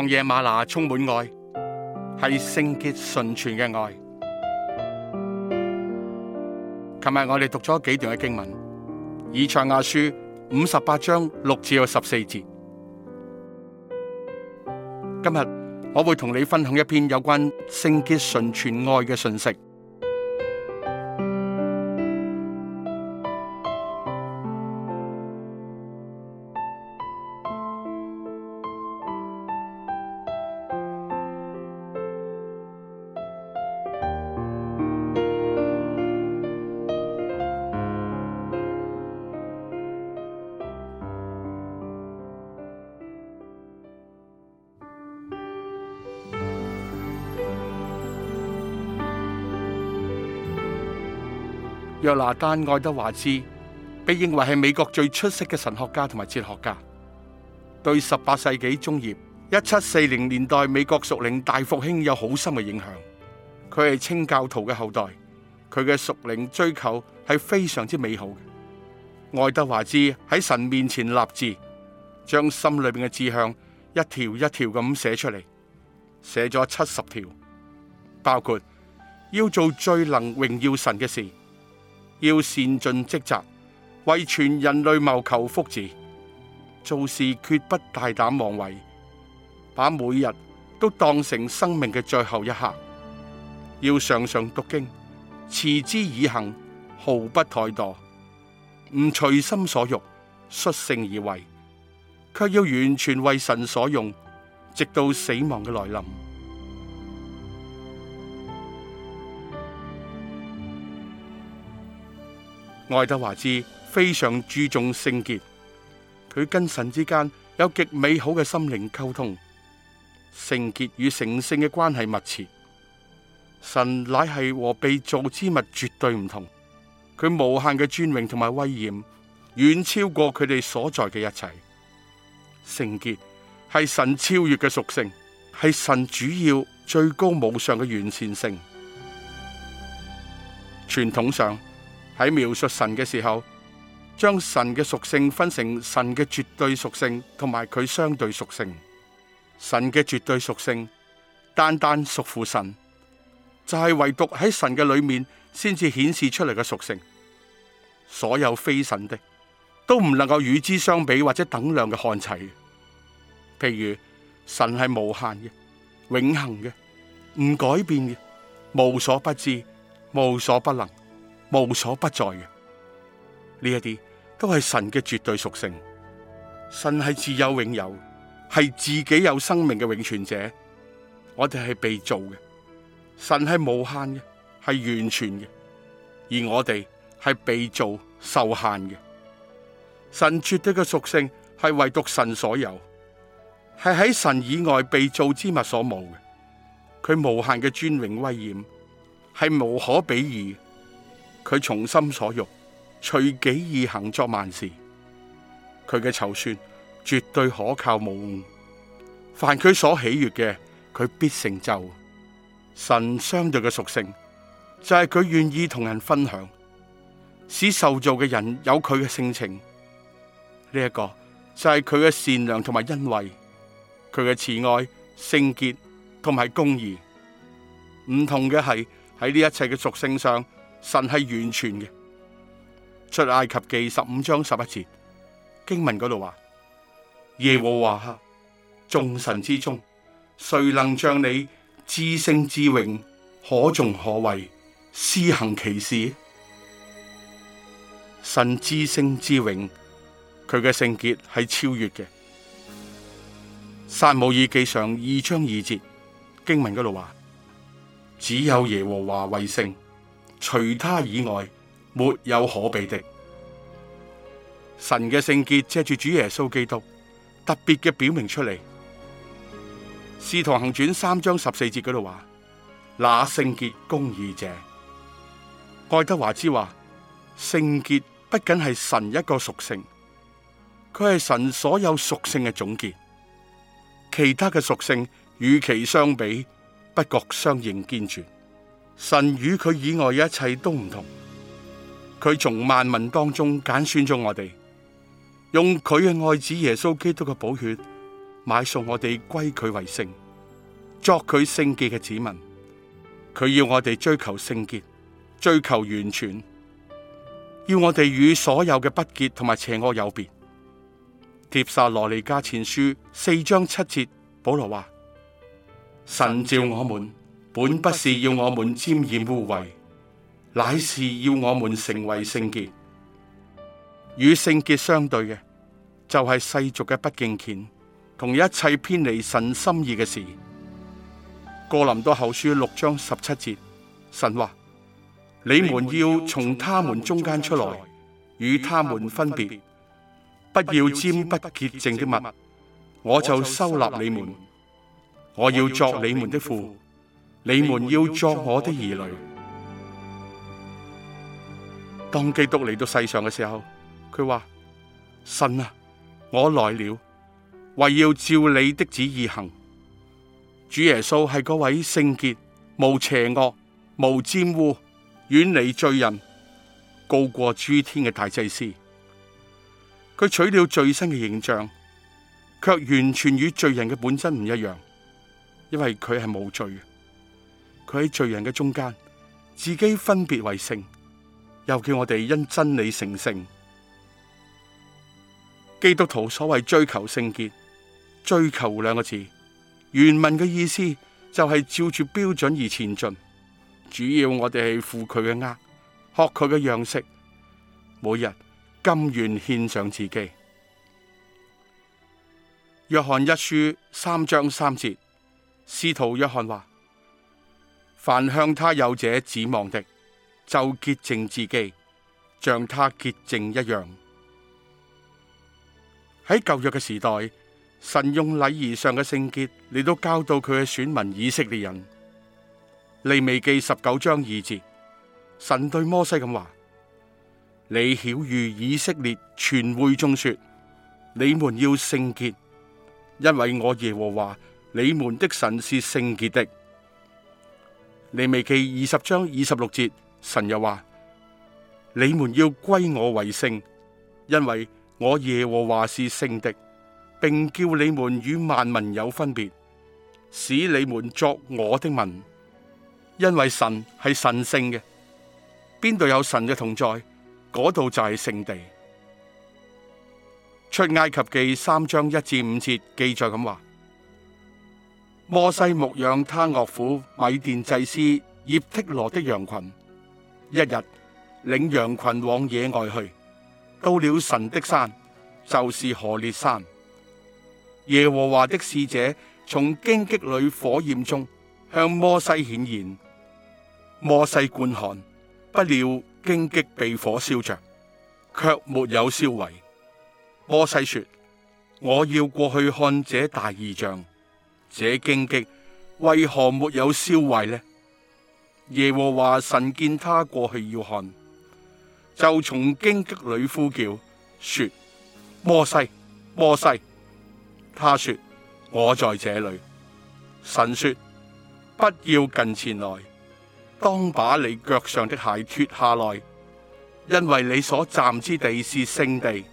曠野嗎哪充滿愛，係聖潔純全嘅愛。琴日我哋讀咗幾段嘅經文，以賽亞書五十八章六至十四節。今日我會同你分享一篇有關聖潔純全愛嘅信息。約拿丹愛德華茲被認為係美國最出色嘅神學家同埋哲學家，對十八世紀中葉一七四零年代美國屬靈大復興有好深嘅影響。佢係清教徒嘅後代，佢嘅屬靈追求係非常之美好嘅。愛德華茲喺神面前立志，將心裏邊嘅志向一條一條咁寫出嚟，寫咗七十條，包括要做最能榮耀神嘅事。要善盡職責，為全人類謀求福祉；做事絕不大膽妄為，把每日都當成生命嘅最後一刻。要常常讀經，持之以恒，毫不怠惰，唔隨心所欲，率性而為，卻要完全為神所用，直到死亡嘅來臨。愛德華茲非常注重聖潔，佢跟神之間有極美好嘅心靈溝通。聖潔與成聖嘅關係密切，神乃係和被造之物絕對唔同，佢無限嘅尊榮同埋威嚴，遠超過佢哋所在嘅一切。聖潔係神超越嘅屬性，係神主要最高無上嘅完善性。傳統上，喺描述神嘅時候，將神嘅屬性分成神嘅絕對屬性同埋佢相對屬性。神嘅絕對屬性單單屬乎神，就係唯獨喺神嘅裏面先至顯示出嚟嘅屬性。所有非神的都唔能夠與之相比或者等量嘅看齊。譬如神係無限嘅、永恆嘅、唔改變嘅、無所不知、無所不能。無所不在嘅，呢一啲都係神嘅絕對屬性。神係自有永有，係自己有生命嘅永存者。我哋係被造嘅，神係無限嘅，係完全嘅，而我哋係被造受限嘅。神絕對嘅屬性係唯獨神所有，係喺神以外被造之物所冇嘅。佢無限嘅尊榮威嚴係無可比擬。佢從心所欲，隨己意行作萬事。佢嘅籌算絕對可靠無誤。凡佢所喜悦嘅，佢必成就。神相對嘅屬性就係佢願意同人分享，使受造嘅人有佢嘅性情。呢一個就係佢嘅善良同埋恩惠，佢嘅慈愛、聖潔同埋公義。唔同嘅係喺呢一切嘅屬性上。神係完全嘅，《出埃及記》十五章十一節經文嗰度話：耶和華眾神之中，誰能像你至聖至榮，可頌可畏，施行奇事？神至聖至榮，佢嘅聖潔係超越嘅。《撒母耳記上》二章二節經文嗰度話：只有耶和華為聖。除他以外，沒有可比的。神嘅聖潔借住主耶穌基督特別嘅表明出嚟，《使徒行傳》三章十四節嗰度話：「那聖潔公義者。愛德華茲話，聖潔不僅係神一個屬性，佢係神所有屬性嘅總結，其他嘅屬性與其相比，不覺相應健全。神與佢以外一切都唔同，佢從萬民當中揀選咗我哋，用佢嘅愛子耶穌基督嘅寶血買送我哋歸佢為聖，作佢聖潔嘅子民。佢要我哋追求聖潔，追求完全，要我哋與所有嘅不潔同埋邪惡有別。帖撒羅尼加前書四章七節，保羅話：神召我們。本不是要我們沾染污穢，乃是要我們成為聖潔。與聖潔相對嘅，就係、是、世俗嘅不敬虔，同一切偏離神心意嘅事。哥林多後書六章十七節，神話，你們要從他們中間出來，與他們分別，不要沾不潔淨的物，我就收納你們，我要作你們的父，你們要作我的兒女。當基督嚟到世上嘅時候，佢話：神啊，我來了，為要照你的旨意行。主耶穌係嗰位聖潔、無邪惡、無玷污、遠離罪人、高過諸天嘅大祭司。佢取了罪身嘅形象，卻完全與罪人嘅本質唔一樣，因為佢係無罪嘅。佢喺罪人嘅中間，自己分別為聖，又叫我哋因真理成聖。基督徒所謂追求聖潔，追求兩個字原文嘅意思就係照住標準而前進。主要我哋係負佢嘅軛，學佢嘅樣式，每日甘願獻上自己。約翰一書三章三節，司徒約翰話：凡向他有者指望的，就潔淨自己，像他潔淨一樣。喺舊約嘅時代，神用禮儀上嘅聖潔嚟到教導佢嘅選民以色列人。利未記十九章二節，神對摩西咁話：你曉諭以色列全會眾說，你們要聖潔，因為我耶和華你們的神是聖潔的。利未記二十章二十六節，神又話：你們要歸我為聖，因為我耶和華是聖的，並叫你們與萬民有分別，使你們作我的民，因為神係神聖嘅。邊度有神嘅同在，嗰度就係聖地。出埃及記三章一至五節記載咁話。摩西牧養，他岳父米甸祭司葉忒羅的羊群，一日領羊群往野外去，到了神的山，就是何烈山。耶和華的使者從荊棘裏火焰中向摩西顯現，摩西觀看，不料荊棘被火燒着，卻沒有燒毀。摩西說：我要過去看這大異象。這荊棘為何沒有燒壞呢？耶和華神見他過去要看，就從荊棘裏呼叫說：摩西，摩西！他說：我在這裏。神說：不要近前來，當把你腳上的鞋脫下來，因為你所站之地是聖地。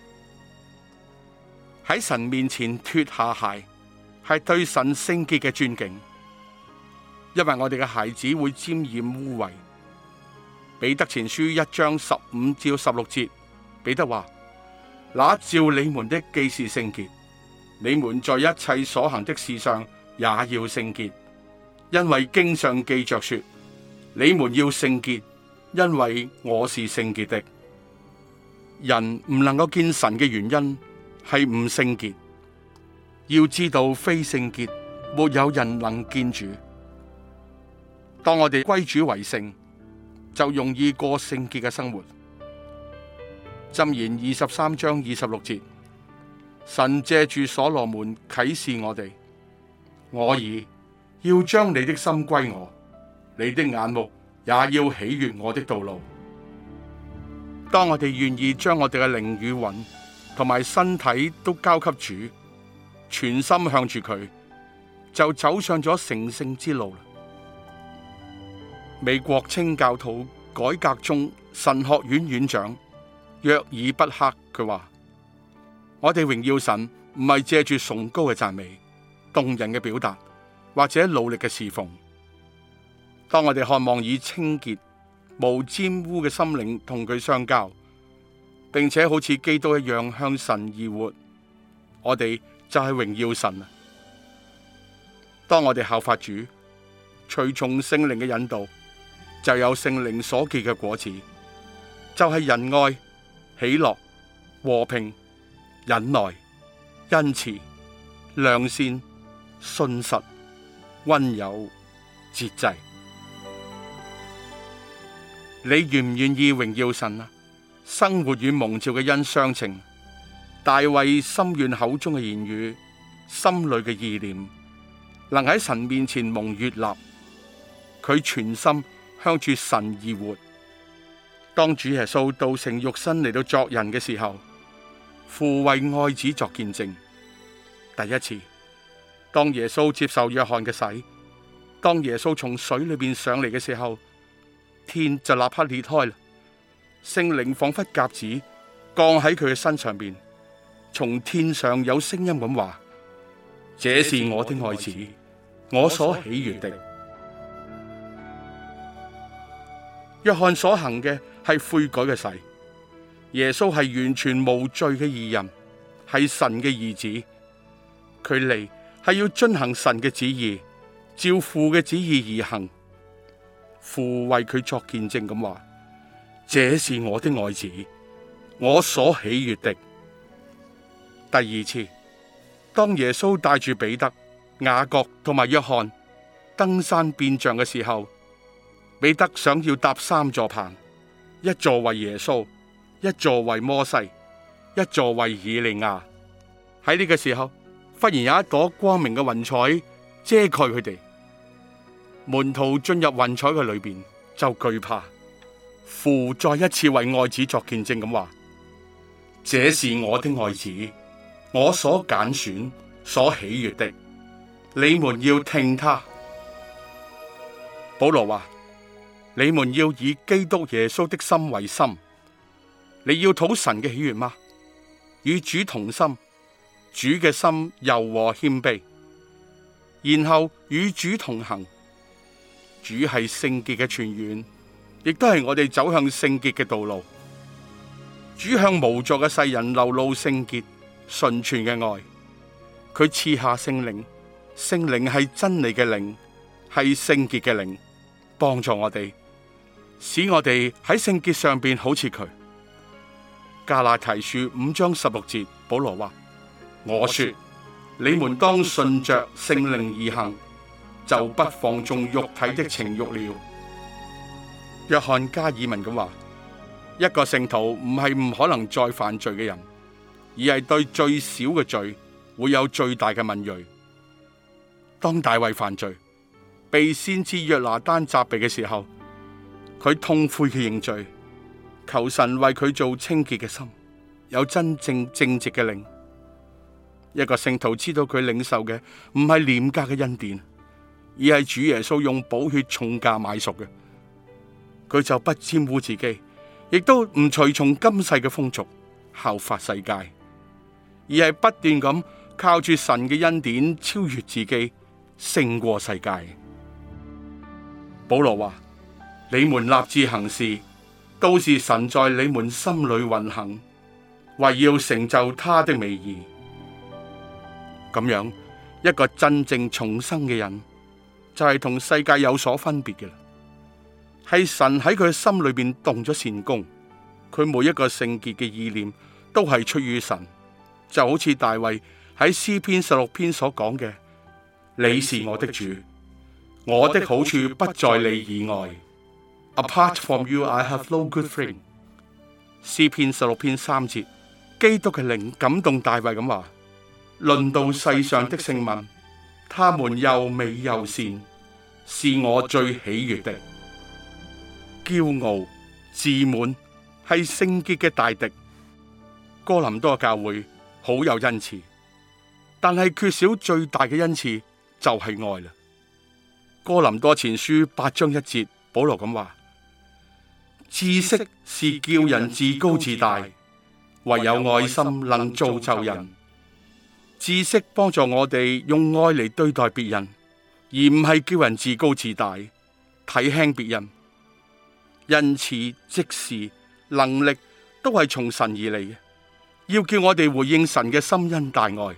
喺神面前脫下鞋。係對神聖潔嘅尊敬，因為我哋嘅孩子會沾染污穢。彼得前書一章十五至十六節，彼得話：那照你們的既是聖潔，你們在一切所行的事上也要聖潔，因為經上記着說：你們要聖潔，因為我是聖潔的。人唔能夠見神嘅原因係唔聖潔。要知道非聖潔，沒有人能見主。當我哋歸主為聖，就容易過聖潔嘅生活。箴言二十三章二十六節，神借着所羅門啟示我哋：我以要將你的心歸我，你的眼目也要喜悅我的道路。當我哋願意將我哋嘅靈與魂同埋身體都交給主，全心向住佢，就走上咗成聖之路啦。美國清教徒改革宗神學院院長約爾畢克佢話：我哋榮耀神唔係借住崇高嘅讚美、動人嘅表達或者努力嘅侍奉。當我哋渴望以清潔、無沾污嘅心靈同佢相交，並且好似基督一樣向神而活，我哋。就係榮耀神啊！當我哋效法主，隨從聖靈嘅引導，就有聖靈所結嘅果子，就係、是、仁愛、喜樂、和平、忍耐、恩慈、良善、信實、溫柔、節制。你願唔願意榮耀神啊？生活與蒙召嘅恩相稱。大衛心願口中嘅言語，心裏嘅意念，能喺神面前蒙悅納。佢全心向住神而活。當主耶穌道成肉身嚟到作人嘅時候，父為愛子作見證。第一次，當耶穌接受約翰嘅洗，當耶穌從水裏面上嚟嘅時候，天就立刻裂開啦。聖靈仿佛鴿子降喺佢嘅身上面。從天上有聲音咁話：這是我的愛子，我所喜悦的。約翰所行嘅係悔改嘅洗，耶穌係完全無罪嘅義人，係神嘅兒子。佢嚟係要遵行神嘅旨意，照父嘅旨意而行。父為佢作見證咁話：這是我的愛子，我所喜悦的。第二次，當耶穌帶住彼得、雅各同埋約翰登山變像嘅時候，彼得想要搭三座棚，一座為耶穌，一座為摩西，一座為以利亞。喺呢個時候，忽然有一朵光明嘅雲彩遮蓋佢哋，門徒進入雲彩嘅裏邊就懼怕。父再一次為愛子作見證咁話：這是我的愛子。我所揀選、所喜悅的，你們要聽他。保羅話：你們要以基督耶穌的心為心。你要討神嘅喜悅嗎？與主同心，主嘅心柔和謙卑，然後與主同行。主係聖潔嘅泉源，亦都係我哋走向聖潔嘅道路。主向無助嘅世人流露聖潔純全嘅愛，佢賜下聖靈，聖靈係真理嘅靈，係聖潔嘅靈，幫助我哋，使我哋喺聖潔上邊好似佢。加拉提書五章十六節，保羅話：，我說，你們當順着聖靈而行，就不放縱肉體的情欲了。約翰加爾文咁話：，一個聖徒唔係唔可能再犯罪嘅人。而係對最少嘅罪會有最大嘅敏銳。當大衛犯罪被先知約拿丹責備嘅時候，佢痛悔嘅認罪，求神為佢做清潔嘅心，有真正正直嘅靈。一個聖徒知道佢領受嘅唔係廉價嘅恩典，而係主耶穌用寶血重價買贖嘅，佢就不沾污自己，亦都唔隨從今世嘅風俗效法世界。而係不斷咁靠住神嘅恩典超越自己，勝過世界。保羅話：你們立志行事，都是神在你們心裏運行，為要成就他的美意。咁樣一個真正重生嘅人，就係、是、同世界有所分別嘅啦。係神喺佢心裏面動咗善功，佢每一個聖潔嘅意念都係出於神。就好似大衛喺詩篇十六篇所講嘅，你是我的主，我的好處不在你以外。Apart from you, I have no good thing。詩篇十六篇三節，基督嘅靈感動大衛咁話：論到世上的聖物，他們又美又善，是我最喜悦的。驕傲自滿係聖潔嘅大敵。哥林多嘅教會。好有恩賜，但係缺少最大嘅恩賜就係、是、愛啦。哥林多前書八章一節，保羅咁話：知識是叫人自高自大，唯有愛心能造就人。知識幫助我哋用愛嚟對待別人，而唔係叫人自高自大，睇輕別人。恩慈即是、能力都係從神而嚟嘅。要叫我哋回應神嘅深恩大愛，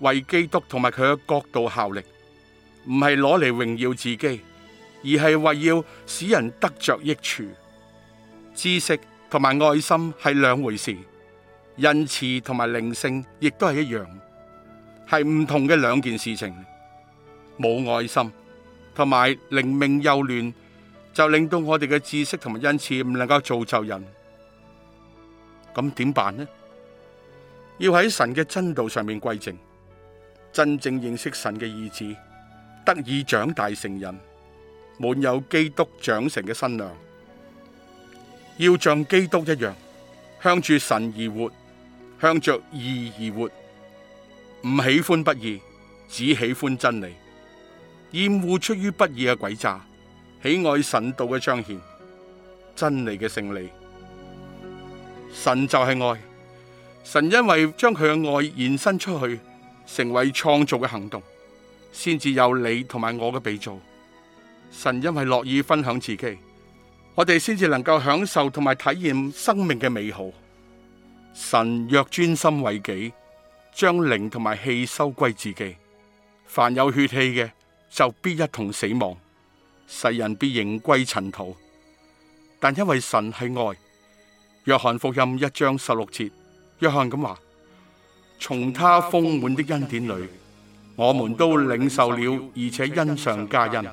為基督同埋佢嘅國度效力，唔係攞嚟榮耀自己，而係為要使人得着益處。知識同埋愛心係兩回事，恩賜同埋靈性亦都係一樣，係唔同嘅兩件事情。冇愛心同埋靈命幼嫩，就令到我哋嘅知識同埋恩賜唔能夠造就人。咁點辦呢？要喺神嘅真道上面歸正，真正認識神嘅意志，得以長大成人，滿有基督長成嘅身量。要像基督一樣，向住神而活，向着義而活，唔喜歡不義，只喜歡真理，厭惡出於不義嘅詭詐，喜愛神道嘅彰顯，真理嘅勝利。神就係愛。神因為將佢嘅愛延伸出去，成為創造嘅行動，先至有你同埋我嘅被造。神因為樂意分享自己，我哋先至能夠享受同埋體驗生命嘅美好。神若專心為己，將靈同埋氣收歸自己，凡有血氣嘅就必一同死亡，世人必仍歸塵土。但因為神係愛，約翰福音一章十六節。約翰咁話：從他豐滿的恩典裏，我們都領受了，而且恩上加恩。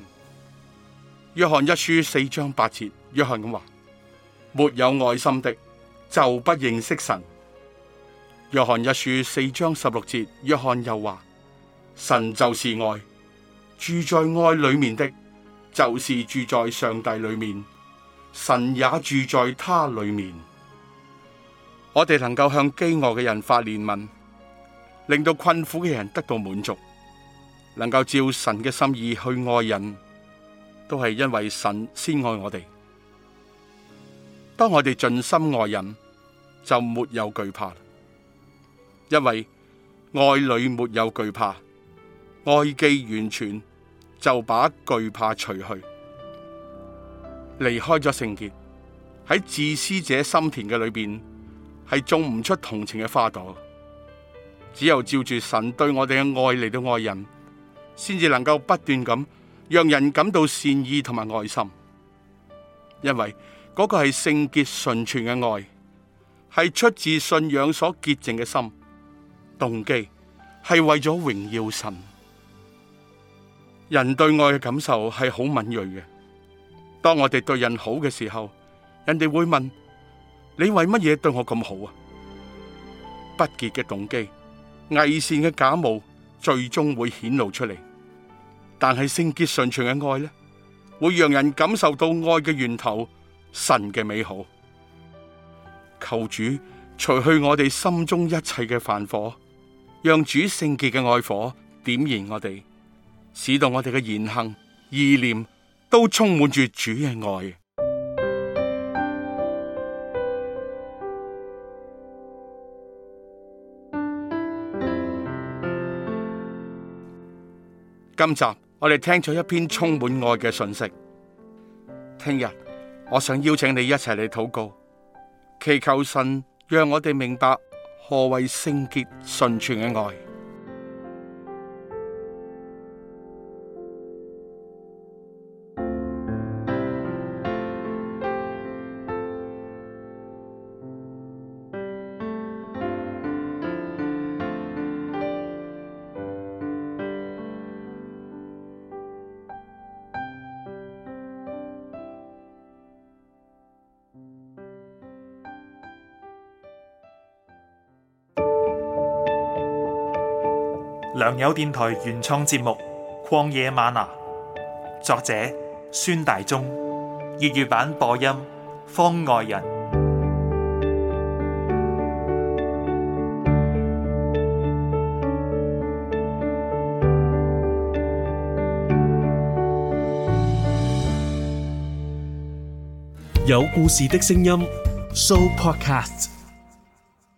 約翰一書四章八節，約翰咁話：沒有愛心的，就不認識神。約翰一書四章十六節，約翰又話：神就是愛，住在愛裏面的，就是住在上帝裏面，神也住在他裏面。我哋能夠向飢餓嘅人發憐憫，令到困苦嘅人得到滿足，能夠照神嘅心意去愛人，都係因為神先愛我哋。當我哋盡心愛人，就沒有懼怕，因為愛裡沒有懼怕，愛既完全，就把懼怕除去，離開咗聖潔喺自私者心田嘅裡面。係種唔出同情嘅花朵，只有照住神對我哋嘅愛嚟到愛人，先至能夠不斷咁讓人感到善意同埋愛心。因為嗰個係聖潔純全嘅愛，係出自信仰所潔淨嘅心，動機係為咗榮耀神。人對愛嘅感受係好敏銳嘅，當我哋對人好嘅時候，人哋會問。你為乜嘢對我咁好啊？不潔嘅動機、偽善嘅假冒，最終會顯露出嚟。但係聖潔純全嘅愛呢，會讓人感受到愛嘅源頭神嘅美好。求主除去我哋心中一切嘅煩火，讓主聖潔嘅愛火點燃我哋，使到我哋嘅言行、意念都充滿住主嘅愛。今集我哋聽咗一篇充滿愛嘅信息，聽日我想邀請你一齊嚟禱告，祈求神讓我哋明白何為聖潔純全嘅愛。良友電台原創節目《曠野嗎哪》，作者孫大中，粵語版播音方外人，有故事的聲音，Show Podcast。